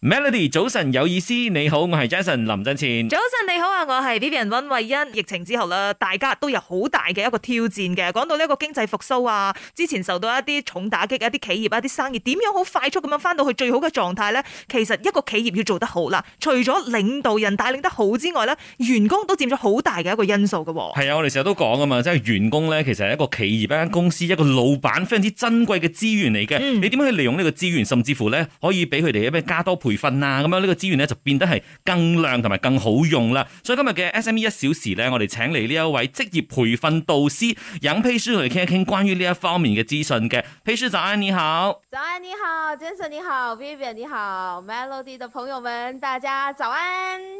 Melody，早晨有意思，你好，我係 Jason 林振前。早晨你好啊，我係 Vivian 溫慧欣。疫情之後啦，大家都有好大嘅一個挑戰嘅。講到呢個經濟復甦啊，之前受到一啲重打擊，一啲企業、一啲生意點樣好快速咁樣翻到去最好嘅狀態呢？其實一個企業要做得好啦，除咗領導人帶領得好之外呢，員工都佔咗好大嘅一個因素嘅。係啊，我哋成日都講啊嘛，即係員工呢，其實係一個企業、一間公司、一個老闆非常之珍貴嘅資源嚟嘅。嗯、你點樣去利用呢個資源，甚至乎呢，可以俾佢哋咩加多培訓啊，咁樣呢個資源咧就變得係更亮同埋更好用啦。所以今日嘅 SME 一小時咧，我哋請嚟呢一位職業培訓導師楊佩舒嚟傾一傾關於呢一方面嘅資訊嘅。佩舒早安，你好。早安，你好，Jason，你好，Vivian，你好，Melody 的朋友們，大家早安。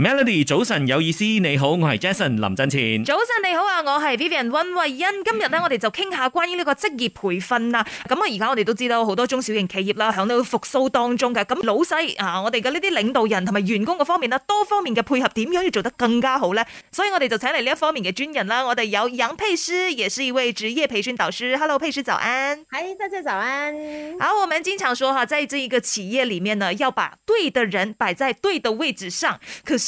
Melody，早晨有意思，你好，我係 Jason 林振前。早晨你好啊，我係 Vivian 溫慧欣。今日呢，我哋就傾下關於呢個職業培訓啊。咁啊，而家我哋都知道好多中小型企業啦，響度復蘇當中嘅。咁老細啊，我哋嘅呢啲領導人同埋員工嘅方面啦，多方面嘅配合點樣要做得更加好呢？所以我哋就請嚟呢一方面嘅專人啦。我哋有楊佩詩，也是一位職業培訓導師。Hello 佩詩，早安。喺，大家早安。好，我們經常說哈，在這一個企業裏面呢，要把對的人擺在對的位置上。可是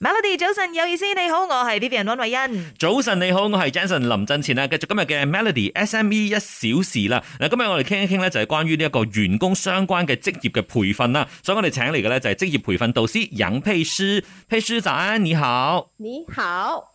Melody，早晨，有意思，你好，我係 Vivian 安慧欣。早晨你好，我係 Jensen 林振前啊，繼續今日嘅 Melody S M E 一小時啦。嗱，今日我哋傾一傾咧就係關於呢一個員工相關嘅職業嘅培訓啦，所以我哋請嚟嘅咧就係職業培訓導師楊佩詩佩詩仔，s, s, 你好，你好。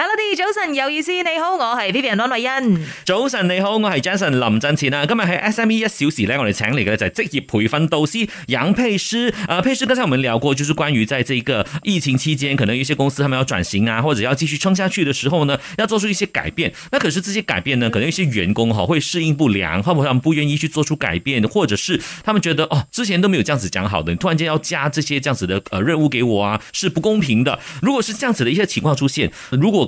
Melody 早晨有意思，你好，我是 Vivian 安慧欣。早晨你好，我是 Jason 林振前啊。今日喺 SME 一小時咧，我哋請嚟嘅就係職業培訓導師楊佩詩。啊、呃，佩詩，剛才我們聊過，就是關於在這個疫情期間，可能一些公司他們要轉型啊，或者要繼續撐下去的時候呢，要做出一些改變。那可是這些改變呢，可能一些員工哈會適應不良，或者他們不願意去做出改變，或者是他們覺得哦，之前都沒有這樣子講好的，你突然間要加這些這樣子的誒、呃、任務給我啊，是不公平的。如果是這樣子的一些情況出現，如果